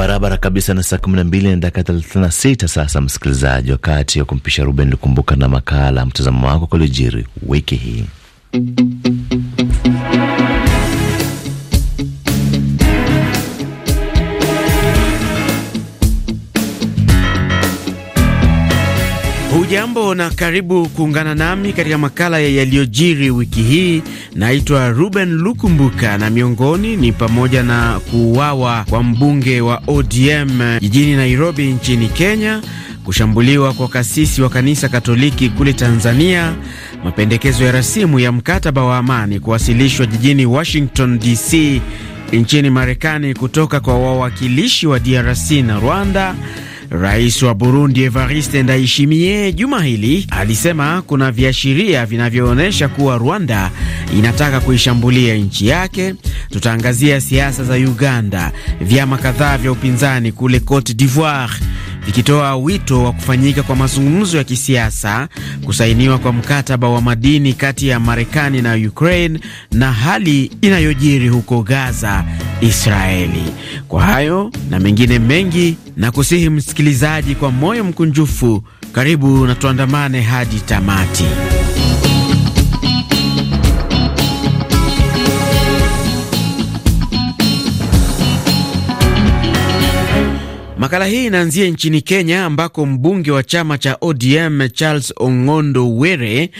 barabara kabisa na saa 12 na dakika 36 sasa, msikilizaji, wakati wa kumpisha Ruben likumbuka na makala mtazamo wako kaliojiri wiki hii na karibu kuungana nami katika makala ya yaliyojiri wiki hii. Naitwa Ruben Lukumbuka na miongoni ni pamoja na kuuawa kwa mbunge wa ODM jijini Nairobi nchini Kenya, kushambuliwa kwa kasisi wa kanisa Katoliki kule Tanzania, mapendekezo ya rasimu ya mkataba wa amani kuwasilishwa jijini Washington DC nchini Marekani kutoka kwa wawakilishi wa DRC na Rwanda Rais wa Burundi Evariste Ndayishimiye juma hili alisema kuna viashiria vinavyoonyesha kuwa Rwanda inataka kuishambulia nchi yake. Tutaangazia siasa za Uganda, vyama kadhaa vya upinzani kule Cote d'Ivoire vikitoa wito wa kufanyika kwa mazungumzo ya kisiasa, kusainiwa kwa mkataba wa madini kati ya Marekani na Ukraine na hali inayojiri huko Gaza Israeli. Kwa hayo na mengine mengi, na kusihi msikilizaji, kwa moyo mkunjufu, karibu na tuandamane hadi tamati. Makala hii inaanzia nchini Kenya ambako mbunge wa chama cha ODM Charles Ong'ondo Were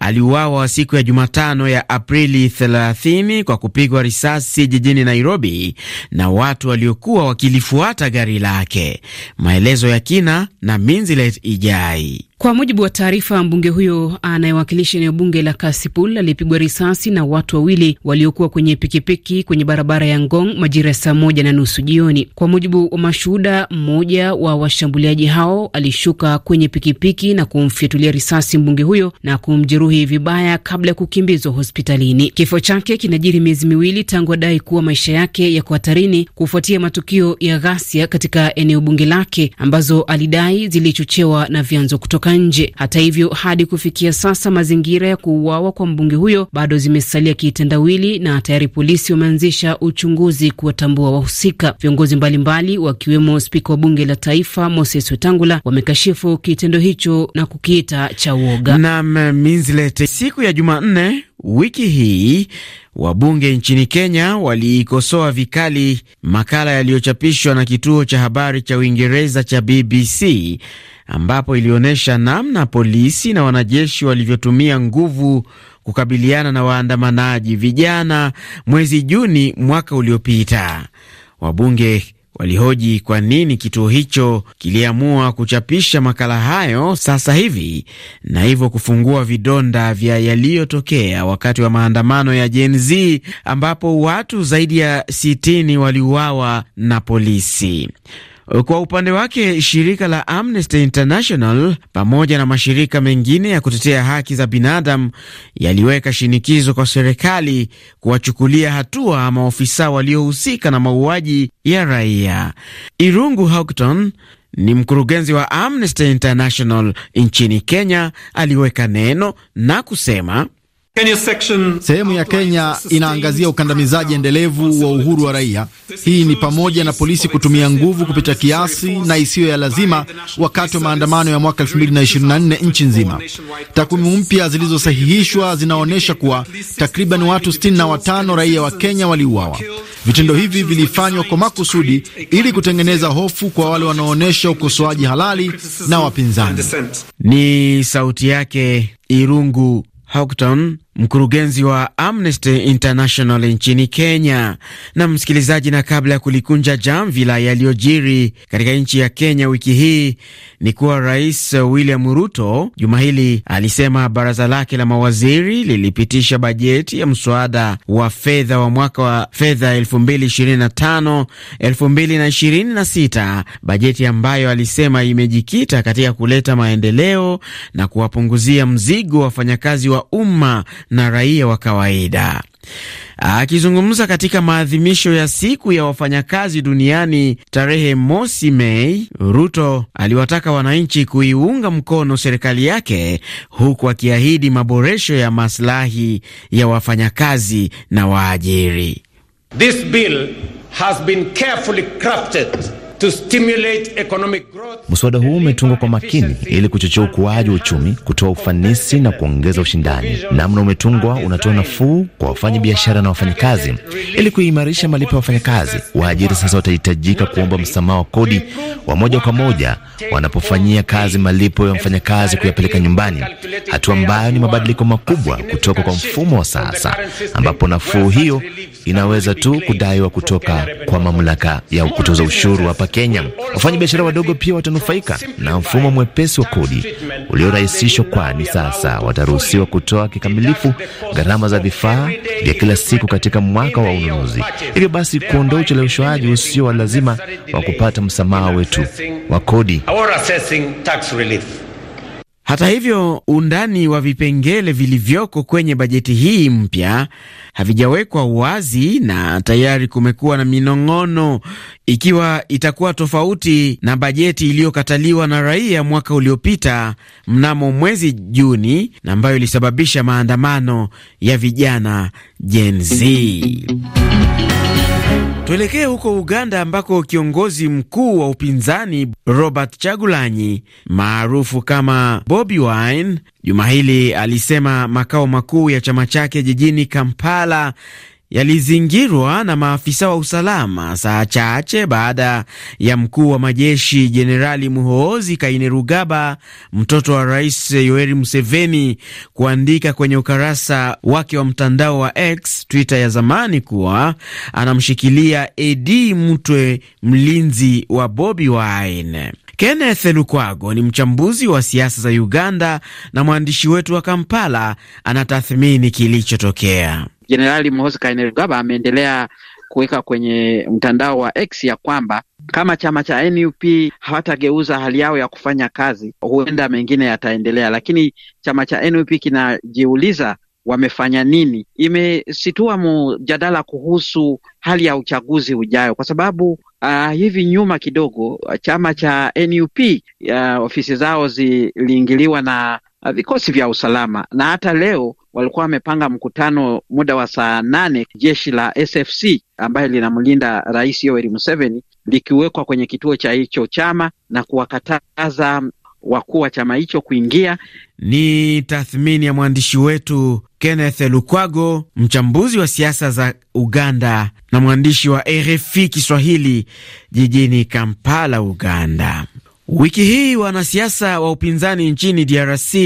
aliuawa siku ya Jumatano ya Aprili 30 kwa kupigwa risasi jijini Nairobi na watu waliokuwa wakilifuata gari lake. Maelezo ya kina na Minzilet Ijai. Kwa mujibu wa taarifa, mbunge huyo anayewakilisha eneo bunge la Kasipul alipigwa risasi na watu wawili waliokuwa kwenye pikipiki kwenye barabara ya Ngong majira ya saa moja na nusu jioni. Kwa mujibu wa mashuhuda, mmoja wa washambuliaji hao alishuka kwenye pikipiki na kumfyatulia risasi mbunge huyo na kumjeruhi aliyejeruhi vibaya kabla ya kukimbizwa hospitalini. Kifo chake kinajiri miezi miwili tangu adai kuwa maisha yake yako hatarini kufuatia matukio ya ghasia katika eneo bunge lake ambazo alidai zilichochewa na vyanzo kutoka nje. Hata hivyo, hadi kufikia sasa mazingira ya kuuawa kwa mbunge huyo bado zimesalia kitendawili na tayari polisi wameanzisha uchunguzi kuwatambua wahusika. Viongozi mbalimbali wakiwemo spika wa bunge la taifa Moses Wetangula wamekashifu kitendo hicho na kukiita cha uoga. Silete. Siku ya Jumanne wiki hii wabunge nchini Kenya waliikosoa vikali makala yaliyochapishwa na kituo cha habari cha Uingereza cha BBC ambapo ilionyesha namna polisi na wanajeshi walivyotumia nguvu kukabiliana na waandamanaji vijana mwezi Juni mwaka uliopita. Wabunge walihoji kwa nini kituo hicho kiliamua kuchapisha makala hayo sasa hivi na hivyo kufungua vidonda vya yaliyotokea wakati wa maandamano ya Gen Z ambapo watu zaidi ya 60 waliuawa na polisi. Kwa upande wake shirika la Amnesty International pamoja na mashirika mengine ya kutetea haki za binadamu yaliweka shinikizo kwa serikali kuwachukulia hatua maofisa waliohusika na mauaji ya raia. Irungu Houghton ni mkurugenzi wa Amnesty International nchini Kenya, aliweka neno na kusema Sehemu ya Kenya inaangazia ukandamizaji endelevu wa uhuru wa raia. Hii ni pamoja na polisi kutumia nguvu kupita kiasi na isiyo ya lazima wakati wa maandamano ya mwaka 2024 nchi nzima. Takwimu mpya zilizosahihishwa zinaonyesha kuwa takriban watu 65 raia wa Kenya waliuawa. Vitendo hivi vilifanywa kwa makusudi ili kutengeneza hofu kwa wale wanaoonyesha ukosoaji halali na wapinzani. Ni sauti yake Irungu Houghton mkurugenzi wa Amnesty International nchini Kenya. Na msikilizaji, na kabla ya kulikunja jamvi la yaliyojiri katika nchi ya Kenya wiki hii ni kuwa Rais William Ruto juma hili alisema baraza lake la mawaziri lilipitisha bajeti ya mswada wa fedha wa mwaka wa fedha 2025 2026, bajeti ambayo alisema imejikita katika kuleta maendeleo na kuwapunguzia mzigo wafanyakazi wa umma na raia wa kawaida. Akizungumza katika maadhimisho ya siku ya wafanyakazi duniani tarehe mosi Mei, Ruto aliwataka wananchi kuiunga mkono serikali yake huku akiahidi maboresho ya maslahi ya wafanyakazi na waajiri. This bill has been carefully crafted Mswada huu umetungwa kwa makini ili kuchochea ukuaji wa uchumi, kutoa ufanisi na kuongeza ushindani. Namna umetungwa unatoa nafuu kwa wafanya biashara na wafanyakazi ili kuimarisha malipo ya wafanyakazi. Waajiri sasa watahitajika kuomba msamaha wa kodi wa moja kwa moja wanapofanyia kazi malipo ya mfanyakazi kuyapeleka nyumbani, hatua ambayo ni mabadiliko makubwa kutoka kwa mfumo wa sasa ambapo nafuu hiyo inaweza tu kudaiwa kutoka kwa mamlaka ya kutoza ushuru hapa Kenya. biashara wadogo pia watanufaika na mfumo mwepesi wa kodi uliorahisishwa, kwani sasa wataruhusiwa kutoa kikamilifu gharama za vifaa vya kila siku katika mwaka wa ununuzi, hivyo basi kuondoa ucheleweshwaji usio wa lazima wa kupata msamaha wetu wa kodi. Hata hivyo, undani wa vipengele vilivyoko kwenye bajeti hii mpya havijawekwa wazi na tayari kumekuwa na minong'ono ikiwa itakuwa tofauti na bajeti iliyokataliwa na raia mwaka uliopita mnamo mwezi Juni na ambayo ilisababisha maandamano ya vijana Gen Z. Tuelekee huko Uganda ambako kiongozi mkuu wa upinzani Robert Chagulanyi maarufu kama Bobi Wine juma hili alisema makao makuu ya chama chake jijini Kampala yalizingirwa na maafisa wa usalama saa chache baada ya mkuu wa majeshi Jenerali Muhoozi Kainerugaba, mtoto wa Rais Yoweri Museveni, kuandika kwenye ukarasa wake wa mtandao wa X, Twitter ya zamani, kuwa anamshikilia Edi Mtwe, mlinzi wa Bobi Wine. Kenneth Lukwago ni mchambuzi wa siasa za Uganda na mwandishi wetu wa Kampala, anatathmini kilichotokea. Jenerali Muhoozi Kainerugaba ameendelea kuweka kwenye mtandao wa X ya kwamba kama chama cha NUP hawatageuza hali yao ya kufanya kazi, huenda mengine yataendelea, lakini chama cha NUP kinajiuliza wamefanya nini. Imesitua mjadala kuhusu hali ya uchaguzi ujayo, kwa sababu uh, hivi nyuma kidogo chama cha NUP uh, ah, ofisi zao ziliingiliwa na vikosi vya usalama na hata leo walikuwa wamepanga mkutano muda wa saa nane, jeshi la SFC ambayo linamlinda Rais Yoweri Museveni likiwekwa kwenye kituo cha hicho chama na kuwakataza wakuu wa chama hicho kuingia. Ni tathmini ya mwandishi wetu Kenneth Lukwago, mchambuzi wa siasa za Uganda na mwandishi wa RFI Kiswahili jijini Kampala, Uganda. Wiki hii wanasiasa wa upinzani nchini DRC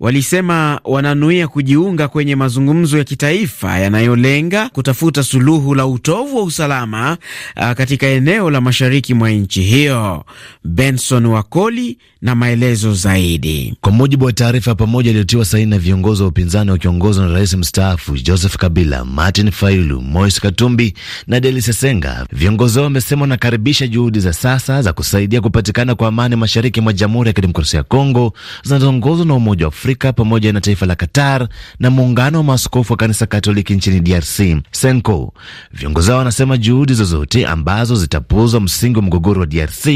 walisema wananuia kujiunga kwenye mazungumzo ya kitaifa yanayolenga kutafuta suluhu la utovu wa usalama ah, katika eneo la mashariki mwa nchi hiyo. Benson Wakoli na maelezo zaidi. Kwa mujibu wa taarifa ya pamoja iliyotiwa saini na viongozi wa upinzani wakiongozwa na rais mstaafu Joseph Kabila, Martin Fayulu, Moise Katumbi na Deli Sesenga, viongozi hao wamesema wanakaribisha juhudi za sasa za kusaidia kupatikana kwa amani mashariki mwa Jamhuri ya Kidemokrasia ya Kongo zinazoongozwa na Umoja wa Afrika pamoja na taifa la Qatar na muungano wa maaskofu wa kanisa Katoliki nchini DRC SENCO. Viongozi hao wanasema juhudi zozote ambazo zitapuuza msingi wa mgogoro wa DRC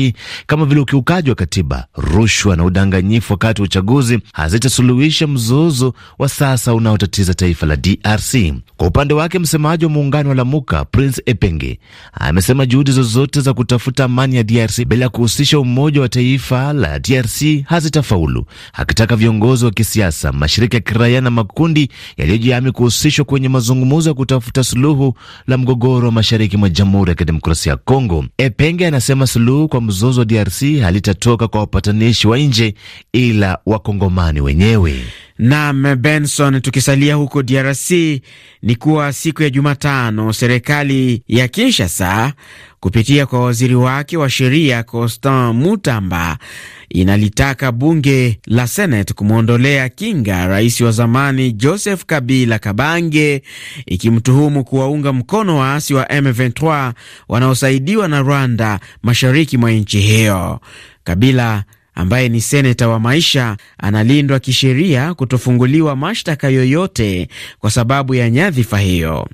kama vile ukiukaji wa katiba rushwa na udanganyifu wakati wa uchaguzi hazitasuluhisha mzozo wa sasa unaotatiza taifa la DRC. Kwa upande wake, msemaji wa muungano wa Lamuka Prince Epenge amesema juhudi zozote za kutafuta amani ya DRC bila kuhusisha umoja wa taifa la DRC hazitafaulu, akitaka viongozi wa kisiasa, mashirika ya kiraia na makundi yaliyojihami kuhusishwa kwenye mazungumzo ya kutafuta suluhu la mgogoro wa mashariki mwa Jamhuri ya Kidemokrasia ya Kongo. Epenge anasema suluhu kwa mzozo wa DRC halitatoka kwa wapatanishi watumishi wa nje ila wakongomani wenyewe. Nam Benson, tukisalia huko DRC ni kuwa siku ya Jumatano serikali ya Kinshasa kupitia kwa waziri wake wa sheria Constant Mutamba inalitaka bunge la Senate kumwondolea kinga rais wa zamani Joseph Kabila Kabange, ikimtuhumu kuwaunga mkono waasi wa M23 wanaosaidiwa na Rwanda mashariki mwa nchi hiyo. Kabila ambaye ni seneta wa maisha analindwa kisheria kutofunguliwa mashtaka yoyote kwa sababu ya nyadhifa hiyo.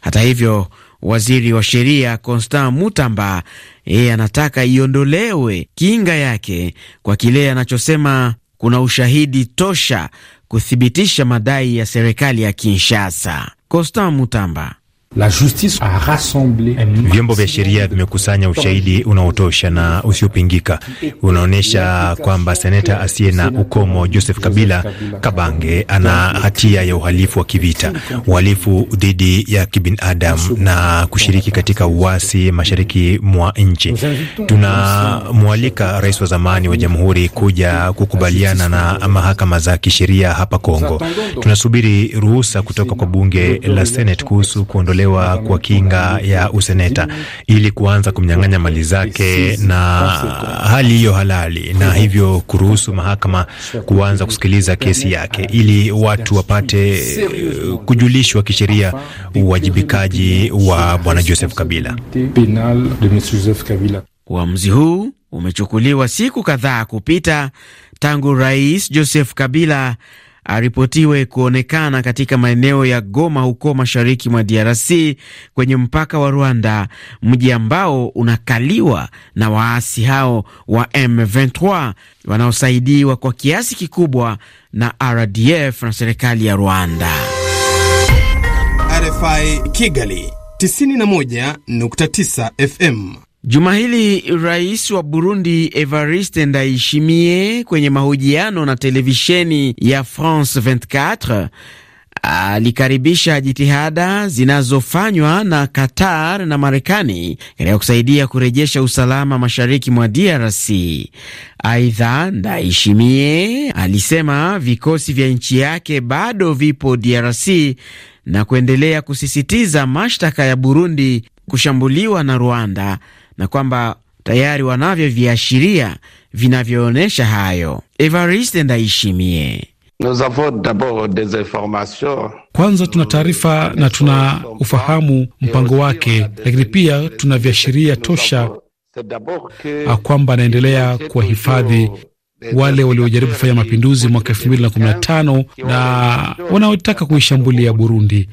Hata hivyo, waziri wa sheria Constant Mutamba yeye anataka iondolewe kinga yake kwa kile anachosema kuna ushahidi tosha kuthibitisha madai ya serikali ya Kinshasa. Constant Mutamba la justice a rassemble. Vyombo vya sheria vimekusanya ushahidi unaotosha na usiopingika unaonyesha kwamba seneta asiye na ukomo Joseph Kabila Kabange ana hatia ya uhalifu wa kivita, uhalifu dhidi ya kibinadamu na kushiriki katika uasi mashariki mwa nchi. Tunamwalika rais wa zamani wa jamhuri kuja kukubaliana na mahakama za kisheria hapa Kongo. Tunasubiri ruhusa kutoka kwa bunge la Senate kuhusu kuondolewa kuondolewa kwa kinga ya useneta ili kuanza kumnyang'anya mali zake na hali hiyo halali, na hivyo kuruhusu mahakama kuanza kusikiliza kesi yake ili watu wapate eh, kujulishwa kisheria uwajibikaji wa bwana Joseph Kabila. Uamuzi huu umechukuliwa siku kadhaa kupita tangu Rais Joseph Kabila aripotiwe kuonekana katika maeneo ya Goma huko mashariki mwa DRC kwenye mpaka wa Rwanda, mji ambao unakaliwa na waasi hao wa M23 wanaosaidiwa kwa kiasi kikubwa na RDF na serikali ya Rwanda. RFI Kigali 91.9 FM Juma hili rais wa Burundi Evariste Ndayishimiye kwenye mahojiano na televisheni ya France 24 alikaribisha jitihada zinazofanywa na Qatar na Marekani katika kusaidia kurejesha usalama mashariki mwa DRC. Aidha, Ndayishimiye alisema vikosi vya nchi yake bado vipo DRC na kuendelea kusisitiza mashtaka ya Burundi kushambuliwa na Rwanda na kwamba tayari wanavyo viashiria vinavyoonyesha hayo. Evariste Ndaishimie: kwanza tuna taarifa na tuna ufahamu mpango wake, lakini pia tuna viashiria tosha kwamba anaendelea kuwahifadhi wale waliojaribu kufanya mapinduzi mwaka elfu mbili na kumi na tano na wanaotaka kuishambulia Burundi.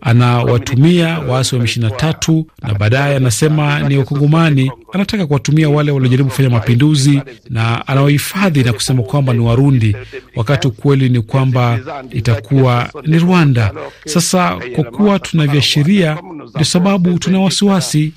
Anawatumia waasi wa M ishirini na tatu na baadaye anasema ni Wakongomani anataka kuwatumia wale waliojaribu kufanya mapinduzi na anawahifadhi na kusema kwamba ni Warundi, wakati ukweli ni kwamba itakuwa ni Rwanda. Sasa kwa kuwa tuna viashiria, ndio sababu tuna wasiwasi.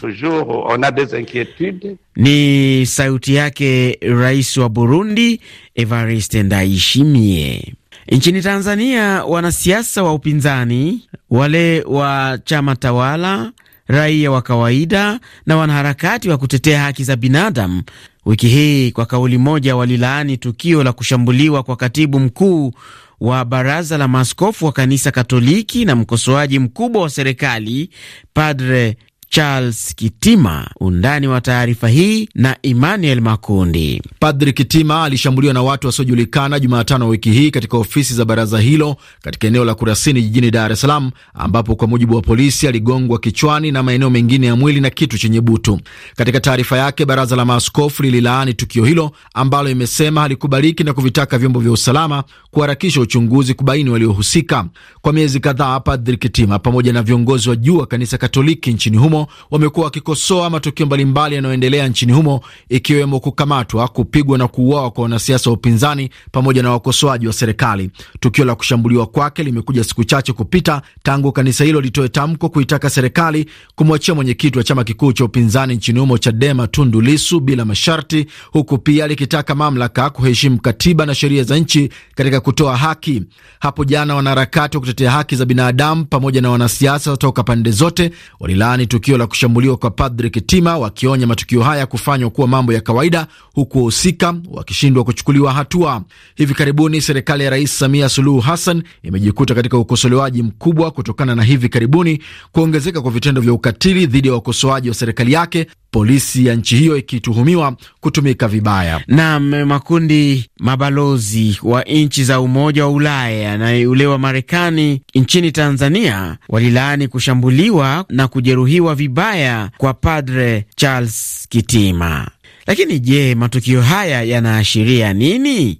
Ni sauti yake Rais wa Burundi Evariste Ndayishimiye. Nchini Tanzania, wanasiasa wa upinzani wale wa chama tawala raia wa kawaida na wanaharakati wa kutetea haki za binadamu wiki hii kwa kauli moja walilaani tukio la kushambuliwa kwa katibu mkuu wa baraza la maaskofu wa kanisa Katoliki na mkosoaji mkubwa wa serikali Padre Charles Kitima. Undani wa taarifa hii na Emmanuel Makundi. Padri Kitima alishambuliwa na watu wasiojulikana Jumatano wiki hii katika ofisi za baraza hilo katika eneo la Kurasini jijini Dar es Salaam, ambapo kwa mujibu wa polisi aligongwa kichwani na maeneo mengine ya mwili na kitu chenye butu. Katika taarifa yake, baraza la maaskofu lililaani tukio hilo ambalo imesema halikubaliki na kuvitaka vyombo vya usalama kuharakisha uchunguzi kubaini waliohusika. Kwa miezi kadhaa, Padri Kitima pamoja na viongozi wa juu wa kanisa Katoliki nchini humo humo wamekuwa wakikosoa matukio mbalimbali yanayoendelea nchini humo ikiwemo kukamatwa, kupigwa na kuuawa kwa wanasiasa wa upinzani pamoja na wakosoaji wa serikali. Tukio la kushambuliwa kwake limekuja siku chache kupita tangu kanisa hilo litoe tamko kuitaka serikali kumwachia mwenyekiti wa chama kikuu cha upinzani nchini humo Chadema Tundu Lisu bila masharti, huku pia likitaka mamlaka kuheshimu katiba na sheria za nchi katika kutoa haki. Hapo jana wanaharakati wa kutetea haki za binadamu pamoja na wanasiasa toka pande zote walilaani tukio tukio la kushambuliwa kwa Padri Kitima, wakionya matukio haya kufanywa kuwa mambo ya kawaida, huku wahusika wakishindwa kuchukuliwa hatua. Hivi karibuni serikali ya Rais Samia Suluhu Hassan imejikuta katika ukosolewaji mkubwa kutokana na hivi karibuni kuongezeka kwa vitendo vya ukatili dhidi ya wakosoaji wa serikali yake polisi ya nchi hiyo ikituhumiwa kutumika vibaya. Naam, makundi mabalozi wa nchi za Umoja wa Ulaya na ule wa Marekani nchini Tanzania walilaani kushambuliwa na kujeruhiwa vibaya kwa Padre Charles Kitima. Lakini je, matukio haya yanaashiria nini?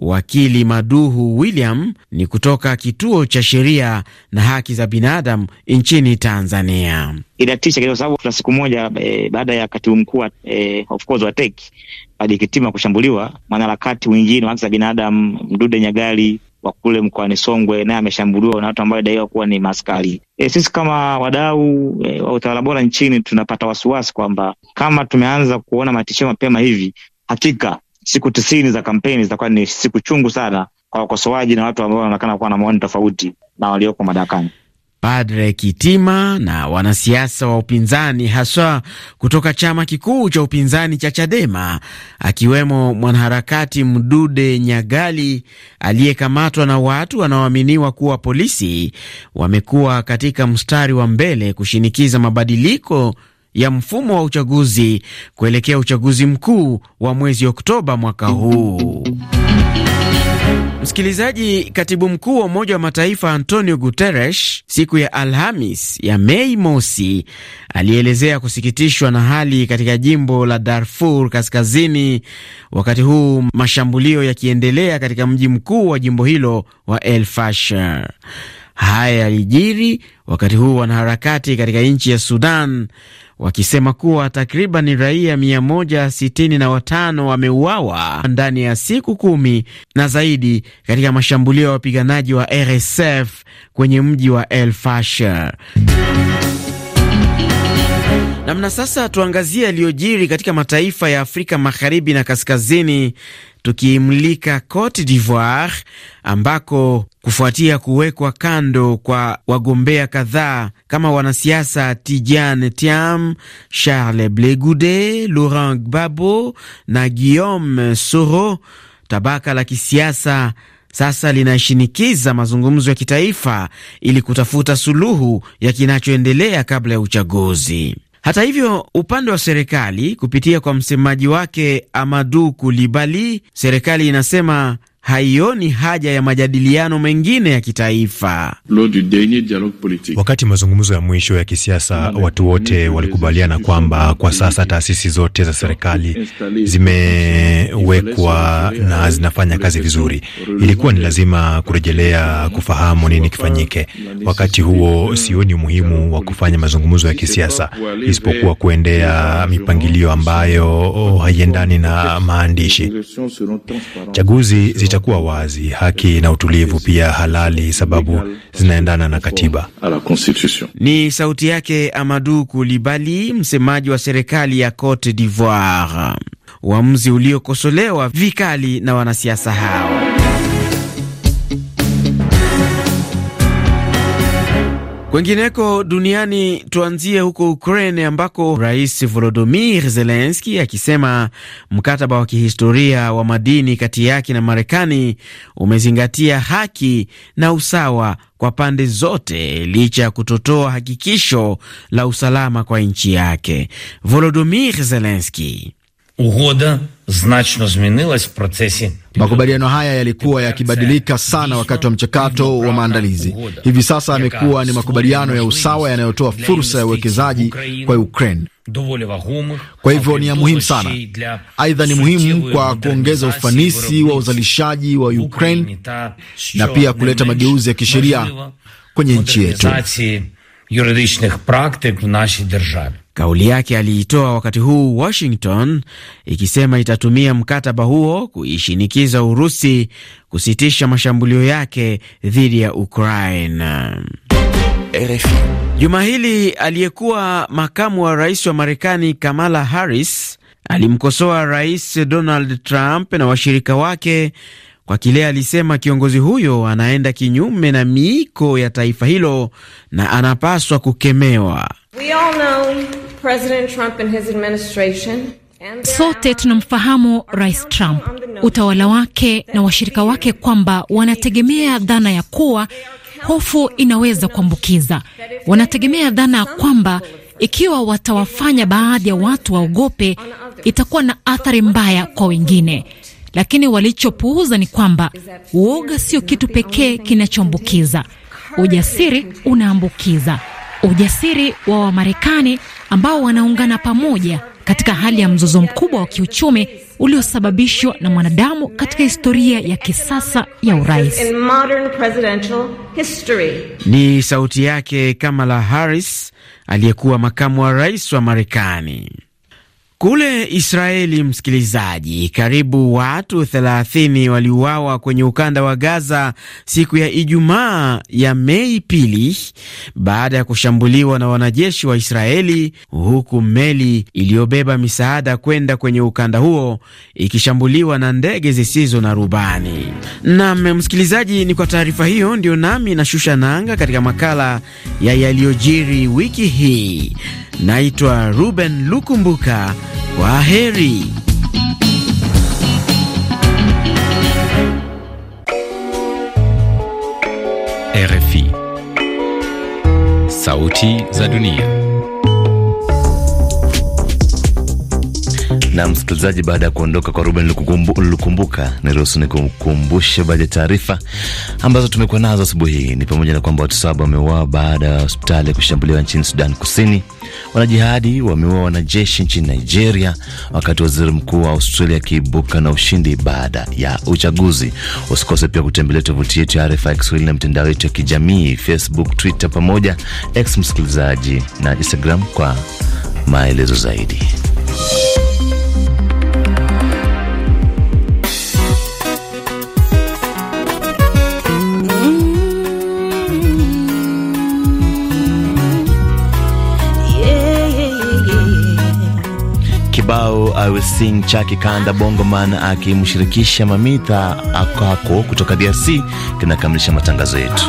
Wakili Maduhu William ni kutoka kituo cha sheria na haki za binadamu nchini Tanzania. Inatisha kwa sababu tuna siku moja e, baada ya katibu mkuu e, of course wa TEC Adikitima kushambuliwa, mwanaharakati wengine wa haki za binadamu Mdude Nyagali wa kule mkoani Songwe naye ameshambuliwa na watu ambao daiwa kuwa ni maskari. E, sisi kama wadau e, wa utawala bora nchini tunapata wasiwasi kwamba kama tumeanza kuona matishio mapema hivi, hakika siku tisini za kampeni zitakuwa ni siku chungu sana kwa wakosoaji na watu ambao wanaonekana kuwa na maoni tofauti na walioko madarakani. Padre Kitima na wanasiasa wa upinzani haswa kutoka chama kikuu cha upinzani cha Chadema akiwemo mwanaharakati Mdude Nyagali aliyekamatwa na watu wanaoaminiwa kuwa polisi wamekuwa katika mstari wa mbele kushinikiza mabadiliko ya mfumo wa uchaguzi kuelekea uchaguzi mkuu wa mwezi Oktoba mwaka huu. Msikilizaji, katibu mkuu wa Umoja wa Mataifa Antonio Guterres siku ya Alhamis ya Mei mosi alielezea kusikitishwa na hali katika jimbo la Darfur Kaskazini, wakati huu mashambulio yakiendelea katika mji mkuu wa jimbo hilo wa El Fasher. Haya yalijiri wakati huu wanaharakati katika nchi ya Sudan wakisema kuwa takriban raia 165 wameuawa ndani ya siku kumi na zaidi katika mashambulio ya wapiganaji wa RSF kwenye mji wa El Fasher. Namna sasa, tuangazie yaliyojiri katika mataifa ya Afrika magharibi na kaskazini tukiimlika Cote d'Ivoire ambako kufuatia kuwekwa kando kwa wagombea kadhaa kama wanasiasa Tidiane Thiam, Charles Blegude, Laurent Gbagbo na Guillaume Soro, tabaka la kisiasa sasa linashinikiza mazungumzo ya kitaifa ili kutafuta suluhu ya kinachoendelea kabla ya uchaguzi. Hata hivyo, upande wa serikali kupitia kwa msemaji wake Amadu Kulibali, serikali inasema haioni haja ya majadiliano mengine ya kitaifa. Wakati mazungumzo ya mwisho ya kisiasa, watu wote walikubaliana kwamba kwa sasa taasisi zote za serikali zimewekwa na zinafanya kazi vizuri. Ilikuwa ni lazima kurejelea kufahamu nini kifanyike. Wakati huo, sioni umuhimu wa kufanya mazungumzo ya kisiasa isipokuwa kuendea mipangilio ambayo haiendani na maandishi. Chaguzi zita itakuwa wazi, haki na utulivu, pia halali, sababu zinaendana na katiba. Ni sauti yake amadu Kulibali, msemaji wa serikali ya Cote d'Ivoire, uamuzi uliokosolewa vikali na wanasiasa hao. Kwengineko duniani tuanzie huko Ukraine ambako Rais Volodymyr zelenski akisema mkataba wa kihistoria wa madini kati yake na Marekani umezingatia haki na usawa kwa pande zote licha ya kutotoa hakikisho la usalama kwa nchi yake. Volodymyr zelenski Угода Makubaliano haya yalikuwa yakibadilika sana wakati wa mchakato wa maandalizi. Hivi sasa amekuwa ni makubaliano ya usawa yanayotoa fursa ya uwekezaji kwa Ukraine. Kwa hivyo ni ya muhimu sana. Aidha, ni muhimu kwa kuongeza ufanisi wa uzalishaji wa Ukraine na pia kuleta mageuzi ya kisheria kwenye nchi yetu. Kauli yake aliitoa wakati huu Washington ikisema itatumia mkataba huo kuishinikiza Urusi kusitisha mashambulio yake dhidi ya Ukraine. Juma hili aliyekuwa makamu wa rais wa Marekani Kamala Harris alimkosoa Rais Donald Trump na washirika wake kwa kile alisema kiongozi huyo anaenda kinyume na miiko ya taifa hilo na anapaswa kukemewa. We all know. President Trump and his administration. Sote tunamfahamu Rais Trump, utawala wake na washirika wake kwamba wanategemea dhana ya kuwa hofu inaweza kuambukiza. Wanategemea dhana ya kwamba ikiwa watawafanya baadhi ya watu waogope, itakuwa na athari mbaya kwa wengine. Lakini walichopuuza ni kwamba uoga sio kitu pekee kinachoambukiza. Ujasiri unaambukiza ujasiri wa Wamarekani ambao wanaungana pamoja katika hali ya mzozo mkubwa wa kiuchumi uliosababishwa na mwanadamu katika historia ya kisasa ya urais. Ni sauti yake Kamala Harris, aliyekuwa makamu wa rais wa Marekani. Kule Israeli, msikilizaji, karibu watu 30 waliuawa kwenye ukanda wa Gaza siku ya Ijumaa ya Mei pili baada ya kushambuliwa na wanajeshi wa Israeli, huku meli iliyobeba misaada kwenda kwenye ukanda huo ikishambuliwa na ndege zisizo na rubani. Nam msikilizaji, ni kwa taarifa hiyo ndio nami nashusha nanga katika makala ya yaliyojiri wiki hii. Naitwa Ruben Lukumbuka. Kwa heri. RFI Sauti za Dunia. Na msikilizaji, baada ya kuondoka kwa Ruben Lukumbuka, niruhusu nikukumbushe baadhi ya taarifa ambazo tumekuwa nazo asubuhi hii. Ni pamoja na kwamba watu saba wameuawa baada ya hospitali kushambuliwa nchini Sudan Kusini, wanajihadi wameua wanajeshi nchini Nigeria, wakati waziri mkuu wa Australia akiibuka na ushindi baada ya uchaguzi. Usikose pia kutembelea tovuti yetu ya RFI Kiswahili na mitandao yetu ya kijamii Facebook, Twitter pamoja X msikilizaji na Instagram kwa maelezo zaidi. I sing cha kikanda bongo man akimshirikisha Mamita Akako kutoka DRC kinakamilisha matangazo yetu.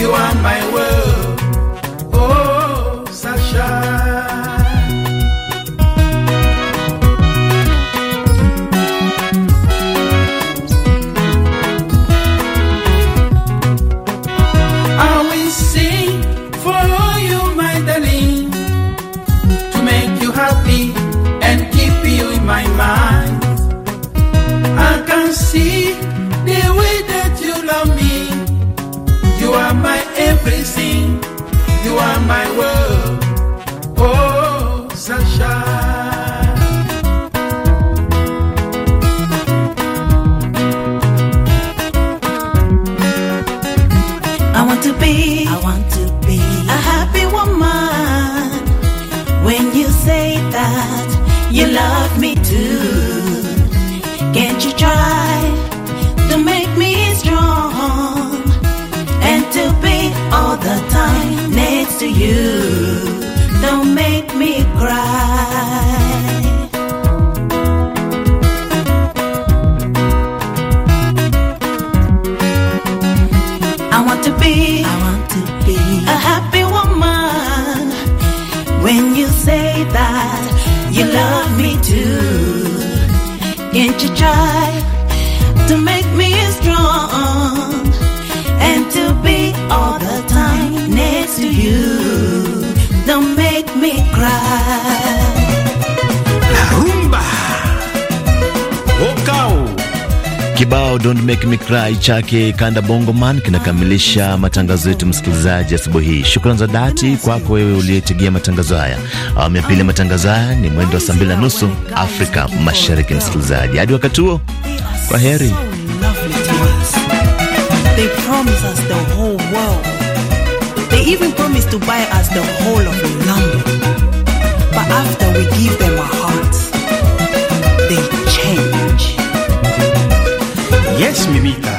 You are my world. that you love me too. Can't you try to make me strong and to be all the time next to you? Don't make me cry. try to make me strong and to be all the time next to you. Don't make me cry. Kibao don't make me cry chake Kanda bongo man kinakamilisha matangazo yetu, msikilizaji, asubuhi hii. Shukrani za dhati kwako wewe uliyetegea matangazo haya. Awamu ya pili ya matangazo haya ni mwendo wa saa mbili na nusu Afrika Mashariki. Msikilizaji, hadi wakati huo, kwa heri. They change. Yes, Mimita,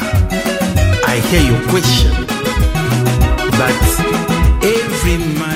I hear your question, but every man.